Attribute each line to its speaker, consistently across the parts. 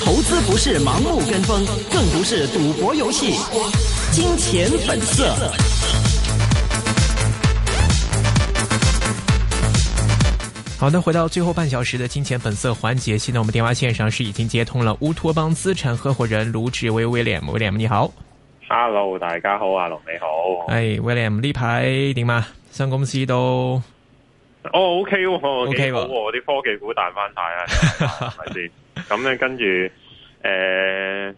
Speaker 1: 投資不是盲目跟風，更不是賭博遊戲。金錢粉色。好的，回到最後半小時的金錢粉色環節，現在我們電話線上是已經接通了烏托邦資產合夥人盧志威 William，William 你好。
Speaker 2: Hello，大家好。阿 e 你好。
Speaker 1: 哎，William 呢排點啊？新公司都？
Speaker 2: 哦、oh，OK，幾好喎！啲科技股彈翻晒啊，係咪先？咁咧，跟住誒，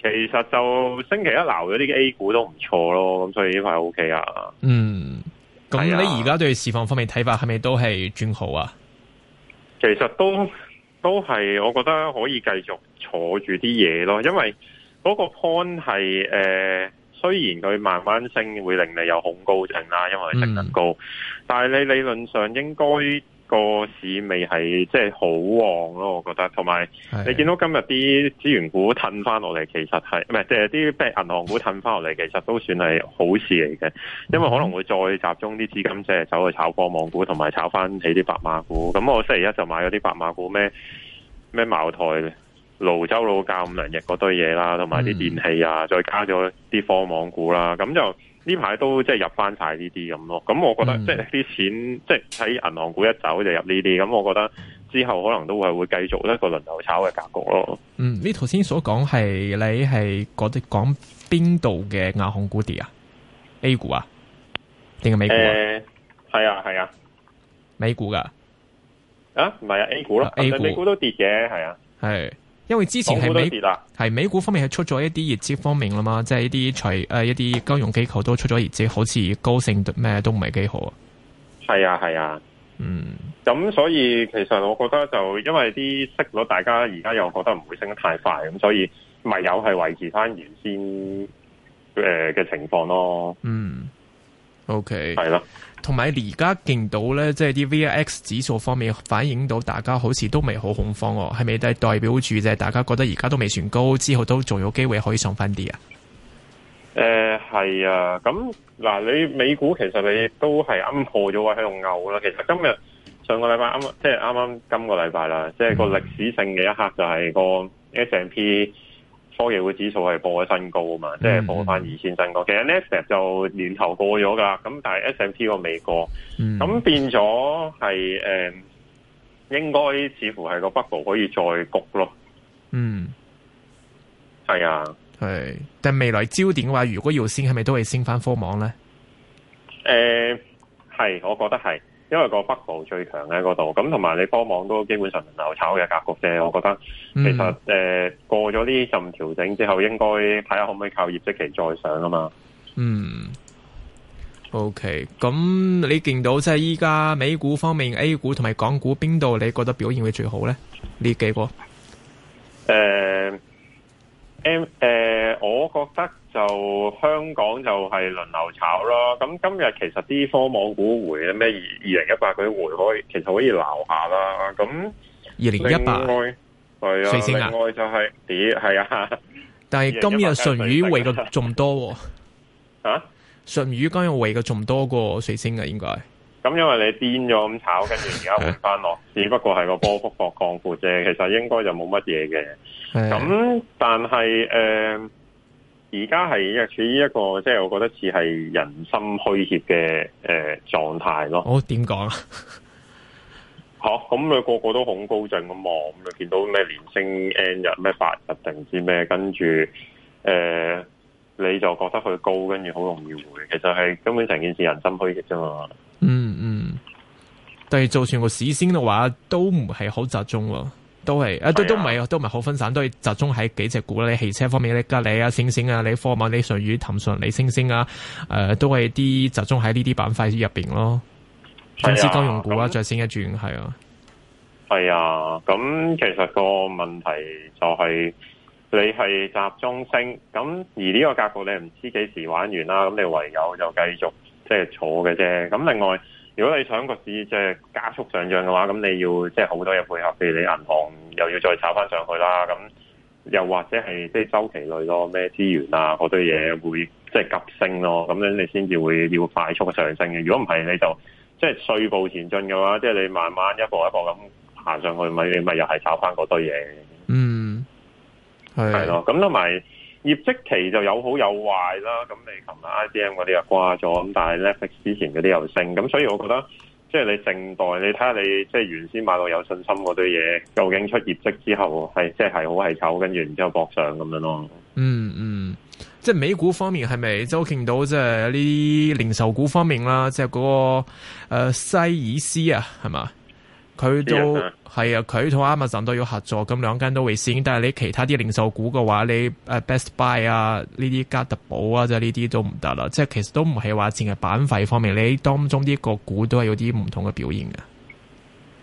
Speaker 2: 其實就星期一留咗啲 A 股都唔錯咯，咁所以呢排 OK 啊。嗯，
Speaker 1: 咁你而家對市況方面睇法係咪都係轉好啊 ？
Speaker 2: 其實都都係，我覺得可以繼續坐住啲嘢咯，因為嗰個 point 係誒。呃雖然佢慢慢升，會令你有恐高症啦，因為升得高。嗯、但係你理論上應該個市未係即係好旺咯，我覺得。同埋的你見到今日啲資源股褪翻落嚟，其實係唔係即係啲咩銀行股褪翻落嚟，其實都算係好事嚟嘅。嗯、因為可能會再集中啲資金即係走去炒科網股，同埋炒翻起啲白馬股。咁我星期一就買咗啲白馬股咩咩茅台嘅。瀘州老窖、五糧液嗰堆嘢啦，同埋啲電器啊，再加咗啲科網股啦，咁、嗯、就呢排都即係入翻晒呢啲咁咯。咁我覺得、嗯、即係啲錢，即係喺銀行股一走就入呢啲。咁我覺得之後可能都係會繼續一個輪流炒嘅格局咯。嗯，
Speaker 1: 呢頭先所講，係你係講邊度嘅銀行股跌啊？A 股啊？定係美股啊？
Speaker 2: 係、欸、啊係啊，
Speaker 1: 美股噶
Speaker 2: 啊？唔係啊，A 股咯，A 股都跌嘅，係啊，
Speaker 1: 係。因為之前係美係美股方面係出咗一啲業績方面啦嘛，即係一啲除誒一啲金融機構都出咗業績，好似高盛咩都唔係幾好
Speaker 2: 啊。係啊，係啊，啊嗯，咁所以其實我覺得就因為啲息率，大家而家又覺得唔會升得太快，咁所以咪有係維持翻原先誒嘅、呃、情況咯。嗯。
Speaker 1: O K，係咯,同埋而家見到咧，即係啲 V I X 指數方面反映到大家好似都未好恐慌哦、啊，係咪都係代表住即係大家覺得而家都未算高，之後都仲有機會可以上翻啲啊？誒、
Speaker 2: 呃，係啊，咁嗱，你美股其實你都係啱破咗位喺度拗啦。其實今日上個禮拜啱，即係啱啱今個禮拜啦，嗯、即係個歷史性嘅一刻就係個 S&P。多嘢股指數係破咗新高啊嘛，即係破翻二千新高。其實 Nasdaq 就年頭過咗噶啦，咁但係 S&P 個未過，咁、嗯、變咗係誒，應該似乎係個 bubble 可以再焗咯。嗯，係啊，
Speaker 1: 係。但未來焦點嘅話，如果要升，係咪都係升翻科網咧？
Speaker 2: 誒、呃，係，我覺得係。因為個北部最強喺嗰度，咁同埋你科網都基本上流炒嘅格局啫。我覺得其實誒、嗯呃、過咗呢陣調整之後，應該睇下可唔可以靠業績期再上啊嘛。
Speaker 3: 嗯。
Speaker 1: OK，咁你見到即係依家美股方面、A 股同埋港股邊度，你覺得表現會最好呢？呢幾個？
Speaker 2: 誒、呃。誒，M, M, M, 我覺得就香港就係輪流炒咯。咁今日其實啲科網股回咧，咩二零一八佢回可以，其實可以留下啦。
Speaker 1: 咁二零一八，
Speaker 2: 係啊。星啊另外就係、是、跌，係啊。啊但係今日舜宇
Speaker 1: 維嘅仲多啊，舜宇今日維嘅仲多過瑞聲嘅、啊、應該。
Speaker 2: 咁、啊、因為你癲咗咁炒，跟住而家跌翻落， 只不過係個波幅擴闊啫。其實應該就冇乜嘢嘅。
Speaker 1: 咁，
Speaker 2: 但係誒，而家係亦處於一個即係，我覺得似係人心虛怯嘅誒狀態咯。我點講啊？好，咁佢個個都好高震咁望，咁你見到咩連升 n 日咩八日定唔知咩，跟住誒，你就覺得佢高，跟住好容易回。其實係根本成件事人心虛怯啫嘛。嗯嗯。
Speaker 1: 但係就算個市先嘅話，都唔係好集中。都係啊，都都唔係，都唔係好分散，都係集中喺幾隻股啦。你汽車方面咧，吉利啊、星星啊、你科網、你瑞宇、騰訊、你星星啊，誒、呃，都係啲集中喺呢啲板塊入邊咯。總之金融股啊，再升一轉係啊。
Speaker 2: 係啊，咁其實個問題就係你係集中升，咁而呢個格局你唔知幾時玩完啦，咁你唯有就繼續即係、就是、坐嘅啫。咁另外，如果你想個市即係、就是、加速上漲嘅話，咁你要即係好多嘢配合，譬如你銀行。又要再炒翻上去啦，咁又或者係即係周期類咯，咩資源啊嗰堆嘢會即係急升咯，咁樣你先至會要快速嘅上升嘅。如果唔係，你就即係碎步前進嘅話，即係你慢慢一步一步咁行上去咪，你咪又係炒翻嗰堆嘢。嗯，
Speaker 3: 係係咯。
Speaker 2: 咁同埋業績期就有好有壞啦。咁你琴日 IBM 嗰啲又掛咗，咁但係 Netflix 之前嗰啲又升，咁所以我覺得。即係你靜待，你睇下你即係原先買到有信心嗰堆嘢，究竟出業績之後，係即係好係醜，跟住然之後搏上咁樣咯。嗯嗯，
Speaker 1: 即係美股方面係咪周傾到即係呢啲零售股方面啦？即係嗰、嗰個誒、呃、西爾斯啊，係嘛？佢都係啊，佢同 Amazon 都要合作，咁兩間都會先。但係你其他啲零售股嘅話，你誒 Best Buy 啊，呢啲加特寶啊，即係呢啲都唔得啦。即係其實都唔係話淨係板塊方面，你當中啲個股都係有啲唔同嘅表現嘅。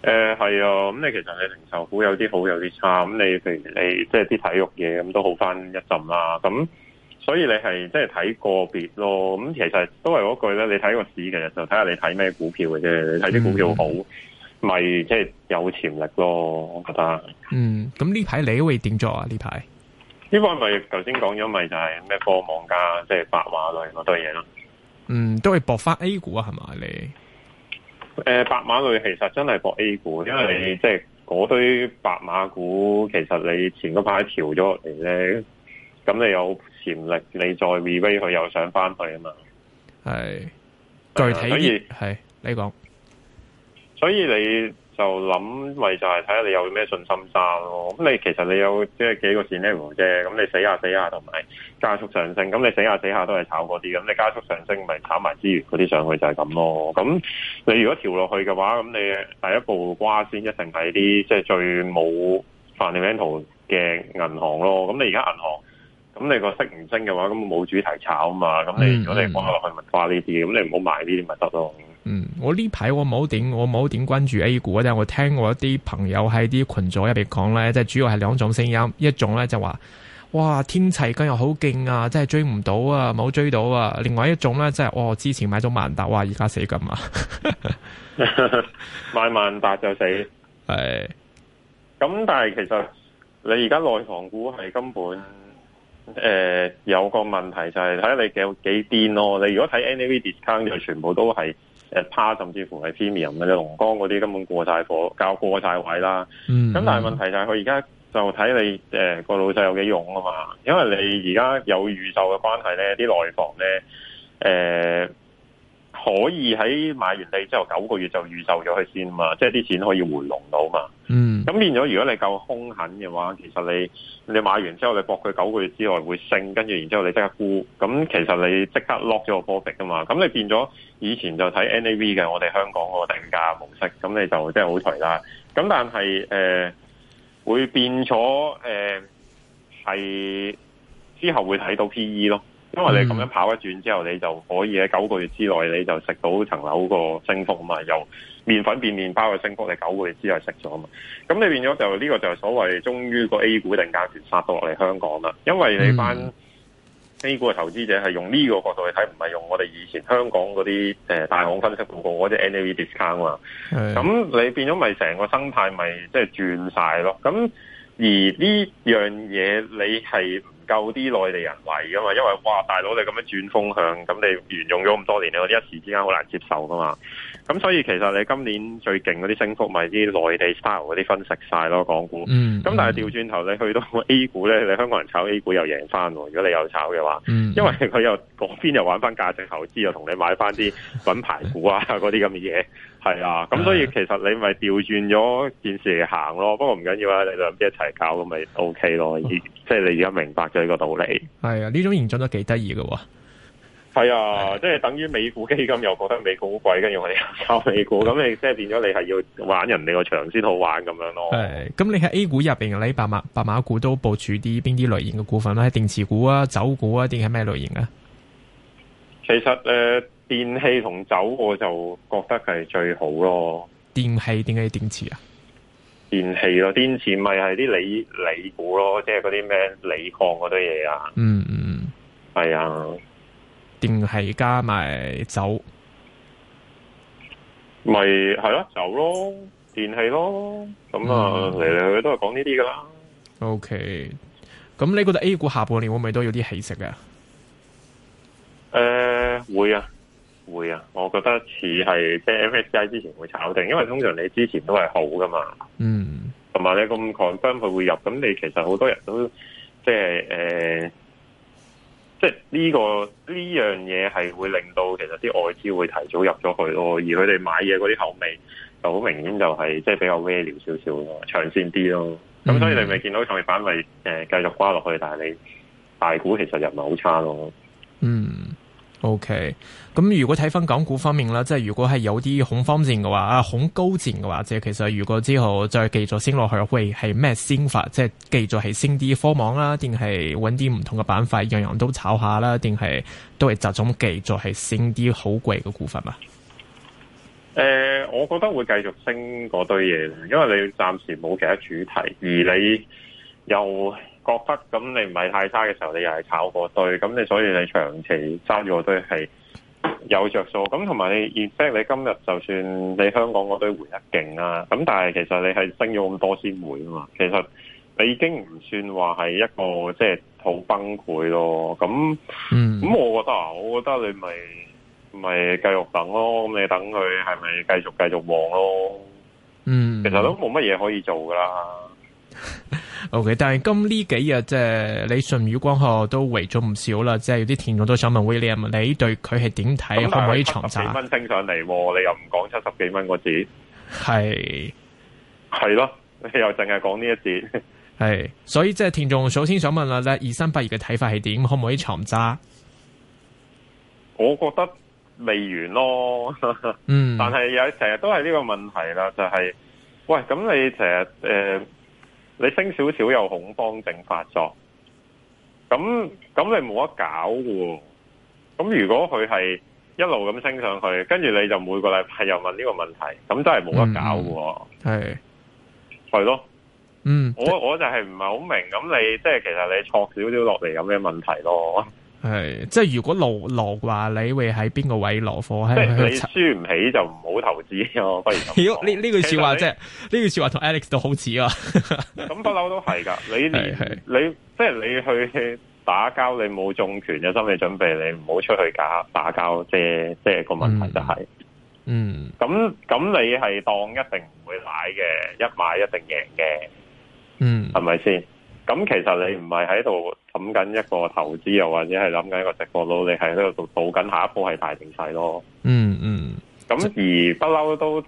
Speaker 2: 誒係啊，咁你其實你零售股有啲好有啲差。咁你譬如你即係啲體育嘢，咁都好翻一陣啦。咁所以你係即係睇個別咯。咁其實都係嗰句咧，你睇個市其實就睇下你睇咩股票嘅啫。你睇啲股票好。咪即係有潛力咯，我覺得。嗯，
Speaker 1: 咁呢排你會點做啊？呢排
Speaker 2: 呢個咪頭先講咗咪就係咩科網家，即、就、係、是、白馬類嗰堆嘢咯。嗯，
Speaker 1: 都係博翻 A 股啊，係咪你？
Speaker 2: 誒、呃，白馬類其實真係博 A 股，因為你即係嗰堆白馬股，其實你前嗰排調咗落嚟咧，咁你有潛力，你再 review 佢又上翻去啊嘛。
Speaker 1: 係具體係、呃、你講。
Speaker 2: 所以你就諗，咪就係睇下你有咩信心爭咯。咁你其實你有即係幾個 level 啫。咁你死下死下同埋加速上升，咁你死下死下都係炒嗰啲。咁你加速上升咪炒埋資源嗰啲上去就係咁咯。咁你如果調落去嘅話，咁你第一步瓜先一定係啲即係最冇 fundamental 嘅銀行咯。咁你而家銀行，咁你個息唔升嘅話，咁冇主題炒啊嘛。咁你如果你放落去咪瓜呢啲，咁你唔好買呢啲咪得咯。
Speaker 1: 嗯，我呢排我冇點我冇點關注 A 股啊，但係我聽我一啲朋友喺啲群組入邊講咧，即係主要係兩種聲音，一種咧就話，哇天齊今日好勁啊，真係追唔到啊，冇追到啊，另外一種咧即係哦之前買咗萬達，哇而家死咁啊，
Speaker 2: 買 萬達就死，係，咁但係其實你而家內房股係根本。誒、呃、有個問題就係、是、睇你幾幾癲咯，你如果睇 N A V discount 就全部都係誒趴，甚至乎係 premium 嘅龍江嗰啲根本過晒火，交過晒位啦。咁、mm hmm. 但係問題就係佢而家就睇你誒個、呃、老細有幾勇啊嘛，因為你而家有預售嘅關係咧，啲內房咧誒、呃、可以喺買完地之後九個月就預售咗佢先嘛，即係啲錢可以回籠到嘛。嗯，咁變咗，如果你夠凶狠嘅話，其實你你買完之後，你搏佢九個月之內會升，跟住然之後你即刻沽，咁其實你即刻 lock 咗個 profit 啊嘛，咁你變咗以前就睇 NAV 嘅，我哋香港個定價模式，咁你就即係好頹啦。咁但係誒、呃，會變咗誒，係、呃、之後會睇到 PE 咯。嗯、因為你咁樣跑一轉之後，你就可以喺九個月之內，你就食到層樓個升幅嘛。由麵粉變麵包嘅升幅，你九個月之內食咗嘛。咁你變咗就呢、這個就係所謂終於個 A 股定價權殺到落嚟香港啦。因為你班 A 股嘅投資者係用呢個角度去睇，唔係用我哋以前香港嗰啲誒大行分析報告或者 NAV discount 嘛、啊。咁的你變咗咪成個生態咪即係轉晒咯。咁而呢樣嘢你係。夠啲內地人為噶嘛？因為哇，大佬你咁樣轉風向，咁你沿用咗咁多年咧，你一時之間好難接受噶嘛。咁所以其實你今年最勁嗰啲升幅，咪啲內地 style 嗰啲分食晒咯，港股。咁、嗯、但係調轉頭你去到 A 股咧，你香港人炒 A 股又贏翻。如果你有炒嘅話，嗯、因為佢又嗰邊又玩翻價值投資，又同你買翻啲品牌股啊嗰啲咁嘅嘢。 係啊，咁、嗯嗯、所以其實你咪調轉咗件事嚟行咯，不過唔緊要啊，你兩邊一齊搞咁咪 O K 咯，哦、即係你而家明白咗呢個道
Speaker 1: 理。係、嗯、啊，呢種現象都幾得意嘅。
Speaker 2: 係啊，即係等於美股基金又覺得美股好貴，跟住我哋又炒美股，咁、 嗯、你即係變咗你係要玩人哋個場先好玩咁樣咯。係、
Speaker 1: 嗯，咁你喺 A 股入邊，你白馬白馬股都部署啲邊啲類型嘅股份咧？電池股啊，走股啊，定係咩類型啊？
Speaker 2: 其實誒。呃電器同酒，我就覺得係最好咯。
Speaker 1: 電器？點解電池啊？
Speaker 2: 電器咯，電池咪係啲鋰鋰股咯，即係嗰啲咩鋰礦嗰堆嘢啊。嗯嗯，係、嗯、啊。
Speaker 1: 電器加埋酒，
Speaker 2: 咪係咯，酒咯，電器咯，咁啊嚟嚟去去都係講呢啲噶啦。
Speaker 1: OK，咁你覺得 A 股下半年會唔會都有啲起色呀？
Speaker 2: 誒、呃，會啊。會啊，我覺得似係即係 MSCI 之前會炒定，因為通常你之前都係好噶嘛。嗯、mm，同、hmm. 埋你咁 confirm 佢會入，咁你其實好多人都即係誒，即係呢個呢樣嘢係會令到其實啲外資會提早入咗去咯。而佢哋買嘢嗰啲口味就好明顯，就是，就係即係比較 value 少少咯，長線啲咯。咁、
Speaker 1: mm hmm. 所以你咪
Speaker 2: 見到創業板咪誒、呃、繼續瓜落去，但係你大股其實又唔係好差咯。嗯、mm。
Speaker 1: Hmm. O K，咁如果睇翻港股方面啦，即係如果係有啲恐慌症嘅話，啊，恐高症嘅話，即係其實如果之後再繼續升落去，會係咩心法？即係繼續係升啲科網啦、啊，定係搵啲唔同嘅板塊，樣樣都炒下啦、啊，定係都係集中繼續係升啲好貴嘅股份嘛、
Speaker 2: 啊？誒、呃，我覺得會繼續升嗰堆嘢，因為你暫時冇其他主題，而你又。覺得咁你唔係太差嘅時候，你又係炒嗰堆，咁你所以你長期揸住嗰堆係有着數。咁同埋你，即係你今日就算你香港嗰堆回得勁啦，咁但係其實你係升咗咁多先回啊嘛。其實你已經唔算話係一個即係好崩潰咯。咁咁、嗯、我覺得啊，我覺得你咪咪繼續等咯。咁你等佢係咪繼續繼續旺咯？嗯，
Speaker 1: 其實都
Speaker 2: 冇乜嘢可以做噶啦。
Speaker 1: O.K.，但係今呢幾日即係李舜宇光學都圍咗唔少啦，即係有啲聽眾都想問 William 你對佢係點睇，但 可唔可以長揸？」七
Speaker 2: 蚊升上嚟，你又唔講七十幾蚊個字？係係咯，你又淨係講呢一節？
Speaker 1: 係 所以即係聽眾首先想問下，咧，二三八二嘅睇法係點？可唔可以長揸？
Speaker 2: 我覺得未完咯，嗯， 但係又成日都係呢個問題啦，就係、是、喂，咁你成日誒？呃你升少少有恐慌症發作，咁咁你冇得搞喎。咁如果佢係一路咁升上去，跟住你就每個禮拜又問呢個問題，咁真係冇得搞喎。係係咯，嗯，
Speaker 1: 的
Speaker 2: 嗯我我就係唔係好明。咁、嗯、你即係其實你挫少少落嚟有咩問題咯？
Speaker 1: 係，即係如果落落話，你會喺邊個位落貨？係你輸
Speaker 2: 唔起就唔好投資哦、啊。不如呢呢句說話即係
Speaker 1: 呢句說話同 Alex 都好似啊。
Speaker 2: 咁不嬲都係噶，你 你 你即係、就是、你去打交，你冇重拳嘅心理準備，你唔好出去打打交。即係即係個問題就係、是嗯，嗯，咁咁你係當一定唔會買嘅，一買一定贏嘅，嗯，係咪先？咁其實你唔係喺度諗緊一個投資，又或者係諗緊一個直播佬，你係喺度做賭緊下一波係大定細咯。嗯嗯。咁、嗯、而不嬲都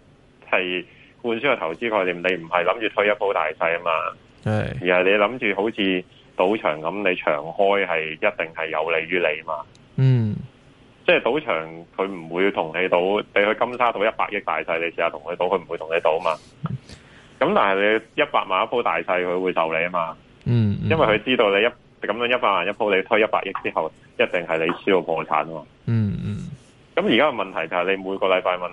Speaker 2: 係灌輸個投資概念，你唔係諗住推一波大細啊嘛。係是。而係你諗住好似賭場咁，你長開係一定係有利於你嘛。嗯。即係賭場，佢唔會同你賭。你去金沙賭一百億大細，你試下同佢賭，佢唔會同你賭啊嘛。咁但係你一百萬一鋪大細，佢會受你啊嘛。嗯，嗯，因為佢知道你一咁樣一百萬一鋪，你推一百億之後，一定係你輸到破產啊嘛。嗯嗯。咁而家嘅問題就係你每個禮拜問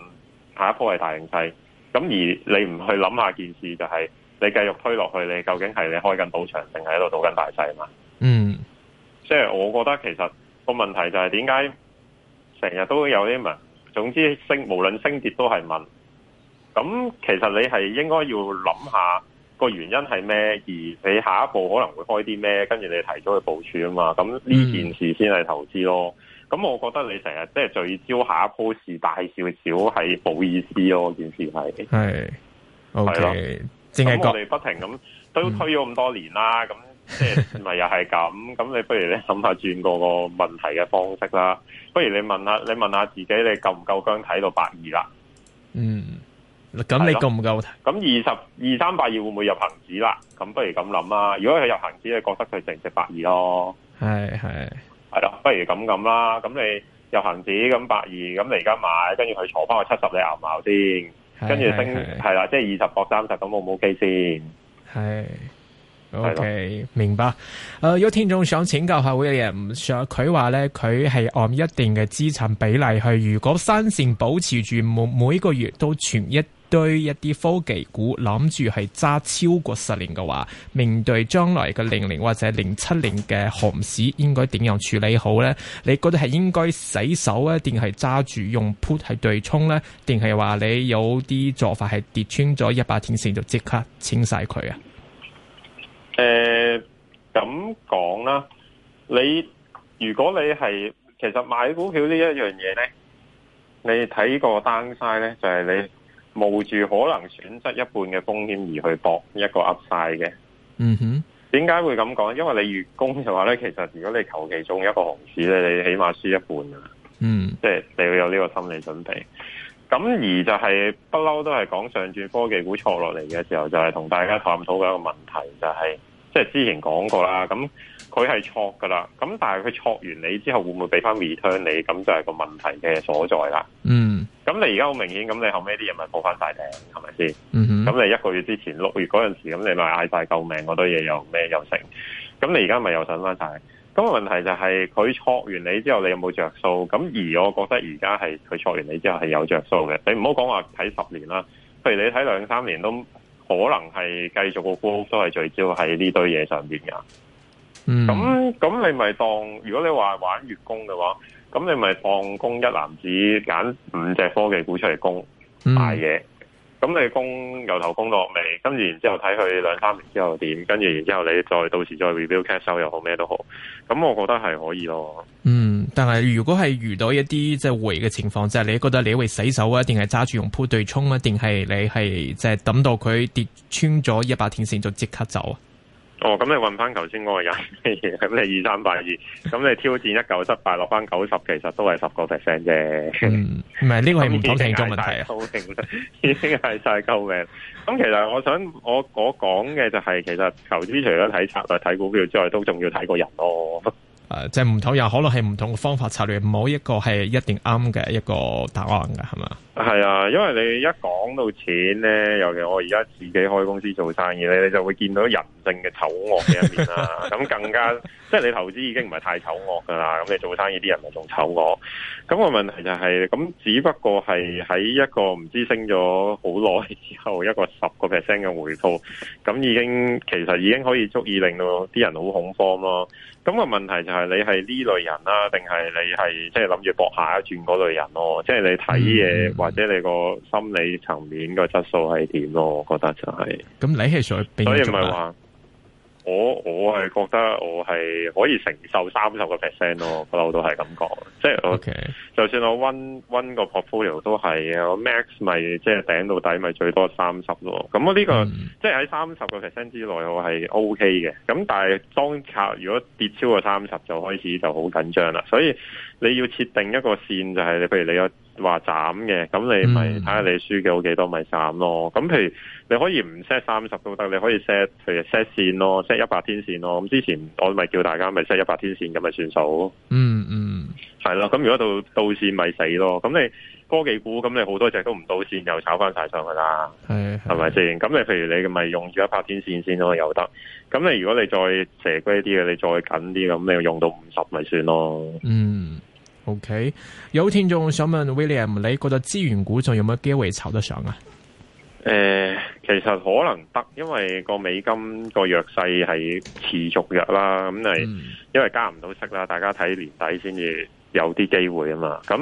Speaker 2: 下一鋪係大定細，咁而你唔去諗下件事，就係你繼續推落去，你究竟係你開緊賭場賭，定係喺度賭緊大細嘛？嗯。即係我覺得其實個問題就係點解成日都有啲問，總之升無論升跌都係問。咁其實你係應該要諗下。個原因係咩？而你下一步可能會開啲咩？跟住你提出去部署啊嘛。咁呢件事先係投資咯。咁、嗯、我覺得你成日即係聚焦下一鋪事，大少少係冇意思咯。件事係係，OK、嗯。淨我哋不停咁都推咗咁、嗯、多年啦。咁即係咪又係咁？咁你 不如你諗下轉個個問題嘅方式啦。不如你問下你問下自己你夠夠，你夠唔夠姜睇到百二啦？
Speaker 1: 嗯。咁你夠唔夠？
Speaker 2: 咁二十二三八二會唔會入恒指啦？咁不如咁諗啊！如果佢入恒指你覺得佢值唔值八二咯。係係係啦，不如咁咁啦。咁你入恒指咁八二，咁你而家買，跟住佢坐翻個七十，你熬唔熬先？
Speaker 1: 跟住升
Speaker 2: 係啦，即係二十搏三十，咁 O 唔 O K 先？
Speaker 1: 係，OK 明白。誒、呃，果聽眾想請教下 William，唔想佢話咧，佢係按一定嘅資產比例去。如果三線保持住，每每個月都存一。對一啲科技股諗住係揸超過十年嘅話，面對將來嘅零零或者零七年嘅熊市，應該點樣處理好呢？你覺得係應該洗手咧，定係揸住用 put 係對沖呢？定係話你有啲做法係跌穿咗一百天線就即刻清晒佢啊？
Speaker 2: 誒、呃，咁講啦，你如果你係其實買股票呢一樣嘢呢，你睇過單晒呢，就係、是、你。冒住可能損失一半嘅風險而去搏一個 Upside 嘅，嗯哼、mm，點、hmm. 解會咁講？因為你月供嘅話咧，其實如果你求其中一個行市咧，你起碼輸一半啊，嗯、mm，hmm. 即係你要有呢個心理準備。咁而就係不嬲都係講上轉科技股錯落嚟嘅時候，就係、是、同大家探討嘅一個問題，就係、是、即係之前講過啦，咁。佢係錯噶啦，咁但係佢錯完你之後會唔會俾翻 return 你？咁就係個問題嘅所在啦。嗯、mm，咁、hmm. 你而家好明顯，咁你後尾啲人咪報翻大頂，係咪先？嗯咁、mm hmm. 你一個月之前六月嗰陣時，咁你咪嗌晒救命，嗰堆嘢又咩又成？咁你而家咪又上翻晒？咁個問題就係佢錯完你之後，你有冇着數？咁而我覺得而家係佢錯完你之後係有着數嘅。你唔好講話睇十年啦，譬如你睇兩三年都可能係繼續個高，都係聚焦喺呢堆嘢上邊噶。咁咁、嗯、你咪當，如果你話玩月供嘅話，咁你咪當供一籃子揀五隻科技股出嚟供買嘢，咁你供由頭供落尾，跟住然之後睇佢兩三年之後點，跟住然之後你再到時再 review cash 收又好咩都好，咁我覺得係可以咯。嗯，
Speaker 1: 但係如果係遇到一啲即係回嘅情況，即、就、係、是、你覺得你會洗手啊，定係揸住用鋪對沖啊，定係你係即係等到佢跌穿咗一百天線就即刻走啊？
Speaker 2: 哦，咁你揾翻頭先嗰個人，咁你二三八二，咁你挑戰一九七八落翻九十，其實都係十個 percent 啫。嗯，
Speaker 1: 唔係呢個係唔同評級問題好評
Speaker 2: 咧，已經係晒救命。咁、嗯、其實我想我我講嘅就係、是，其實投資除咗睇策略、睇股票之外，都仲要睇個人咯。
Speaker 1: 誒，即係唔同又可能係唔同嘅方法策略，唔好一個係一定啱嘅一個答案嘅，係嘛？
Speaker 2: 係啊，因為你一講到錢咧，尤其我而家自己開公司做生意咧，你就會見到人性嘅醜惡嘅一面啦。咁 更加即係你投資已經唔係太醜惡噶啦，咁你做生意啲人咪仲醜惡。咁、那個問題就係、是，咁只不過係喺一個唔知升咗好耐之後，一個十個 percent 嘅回吐，咁已經其實已經可以足以令到啲人好恐慌咯。咁、那個問題就係，你係呢類人啦、啊，定係你係即係諗住搏一下一轉嗰類人咯、啊？即係你睇嘢，或者你個心理層面個質素係點咯？我覺得就係
Speaker 1: 咁，你係想，所以唔係話
Speaker 2: 我我係覺得我係可以承受三十個 percent 咯， 不嬲都係咁講，即係 OK。就算我 one one 個 portfolio 都係啊，我 max 咪即係頂到底咪最多三十咯。咁我呢個即係喺三十個 percent 之內，我係 OK 嘅。咁但係當拆如果跌超過三十就開始就好緊張啦。所以你要設定一個線，就係你譬如你個。話斬嘅，咁你咪睇下你輸嘅好幾多，咪斬、嗯、咯。咁譬如你可以唔 set 三十都得，你可以 set 譬如 set 線咯，set 一百天線咯。咁之前我咪叫大家咪 set 一百天線咁咪算數、嗯。嗯嗯，係咯。咁如果到到線咪死咯。咁你科技股咁你好多隻都唔到線，又炒翻晒上去啦。係係咪先？咁你譬如你咪用住一百天線先咯，又得。咁你如果你再蛇龜啲嘅，你再緊啲咁，你用到五十咪算咯。嗯。
Speaker 1: OK，有聽眾想問 William，你覺得資源股仲有冇機會炒得上啊？
Speaker 2: 誒，其實可能得，因為個美金個弱勢係持續弱啦，咁嚟，因為加唔到息啦，大家睇年底先至。有啲機會啊嘛，咁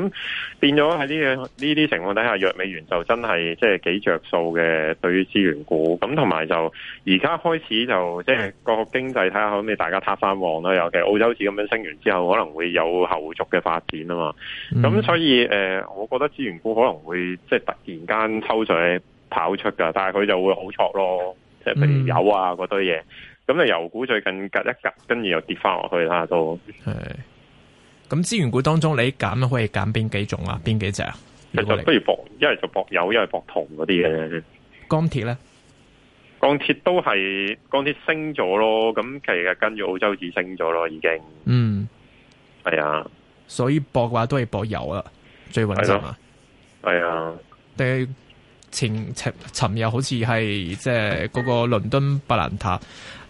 Speaker 2: 變咗喺呢樣呢啲情況底下，弱美元就真係即係幾着數嘅對於資源股，咁同埋就而家開始就即係、就是、個經濟睇下可唔可以大家踏翻旺啦，尤其澳洲市咁樣升完之後，可能會有後續嘅發展啊嘛，咁、嗯、所以誒、呃，我覺得資源股可能會即係突然間抽水跑出㗎，但係佢就會好挫咯，即係譬如油啊嗰堆嘢，咁啊油股最近隔一隔跟住又跌翻落去啦都。
Speaker 1: 咁資源股當中你，你揀可以揀邊幾種啊？邊幾隻啊？如
Speaker 2: 不如博，一係就博油，一係博銅嗰啲嘅。
Speaker 1: 鋼鐵咧，
Speaker 2: 鋼鐵都係鋼鐵升咗咯。咁其實跟住澳洲指升咗咯，已經。
Speaker 1: 嗯，係啊、哎呀。所以博嘅話都係博油啊。最穩陣。係啊。誒、哎，前前尋日好似係即係嗰個倫敦布蘭特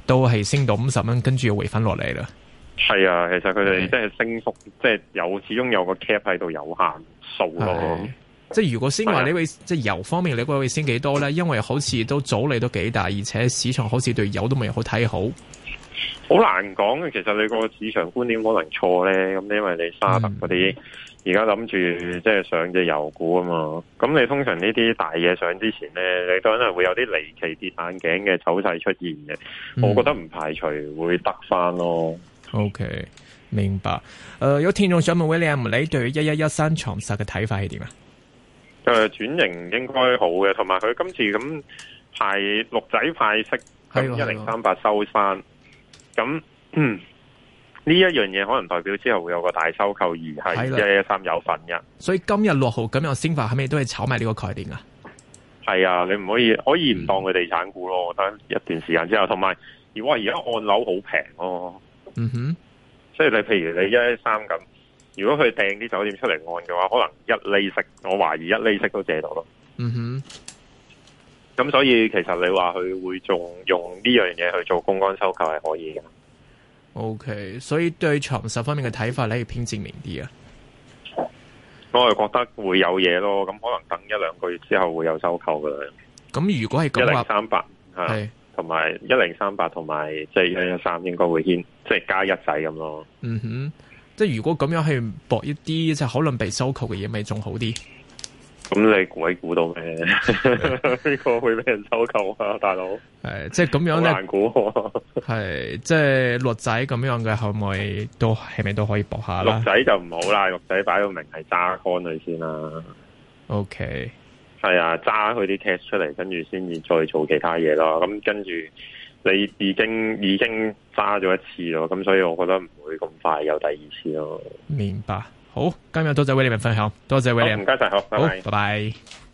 Speaker 1: 都係升到五十蚊，跟住又回翻落嚟啦。
Speaker 2: 係啊，其實佢哋即係升幅，的即係有始終有個 cap 喺度，有限數咯。
Speaker 1: 即係的如果先話呢位，的即係油方面，呢位會升幾多咧？因為好似都阻力都幾大，而且市場好似對油都未好睇好。
Speaker 2: 好難講嘅，其實你個市場觀點可能錯咧。咁因為你沙特嗰啲而家諗住即係上隻油股啊嘛，咁你通常呢啲大嘢上之前咧，你都可能會有啲離奇跌眼鏡嘅走勢出現嘅。我覺得唔排除會得翻咯。嗯
Speaker 1: O、okay, K，明白。誒、呃，有聽眾想問 William，你對一一一三長實嘅睇法係點、呃、
Speaker 2: 啊？誒、啊，轉型應該好嘅，同埋佢今次咁派六仔派息，咁一零三八收翻，咁嗯，呢一樣嘢可能代表之後會有個大收購，而係一一一三有份嘅。
Speaker 1: 所以今日落後咁樣升法，係咪都係炒埋呢個概念啊？
Speaker 2: 係啊，你唔可以可以唔當佢地產股咯。等、嗯、一段時間之後，同埋而我而家按樓好平咯。哦嗯哼，所以、mm hmm. 你譬如你一一三咁，如果佢掟啲酒店出嚟按嘅話，可能一厘息，我懷疑一厘息都借到咯。嗯哼、mm，咁、hmm. 所以其實你話佢會仲用呢樣嘢去做槓桿收購係可以嘅。
Speaker 1: O、okay, K，所以對長實方面嘅睇法咧，係偏正面啲啊。
Speaker 2: 我係覺得會有嘢咯，咁可能等一兩個月之後會有收購㗎喇。咁
Speaker 1: 如果係咁嘅話，
Speaker 2: 三百係。38, 同埋一零三八同埋即係一一三應該會牽即係加一仔咁咯。嗯
Speaker 1: 哼，即係如果咁樣去搏一啲，即就可能被收購嘅嘢咪仲好啲？
Speaker 2: 咁你估估到咩？呢 個會俾人收購啊，大佬。係
Speaker 1: 即係咁樣咧，好難
Speaker 2: 估啊。
Speaker 1: 係即係六仔咁樣嘅，可唔可以都係咪都可以搏下啦？六仔
Speaker 2: 就唔好啦，六仔擺到明係揸乾佢先啦。
Speaker 1: OK。
Speaker 2: 係啊，揸佢啲 cash 出嚟，跟住先至再做其他嘢咯。咁跟住你已經已經揸咗一次咯，咁所以我覺得唔會咁快有第二次咯。
Speaker 1: 明白。好，今日多謝 William 分享，多謝 William。唔該晒，好，好，拜拜。拜拜。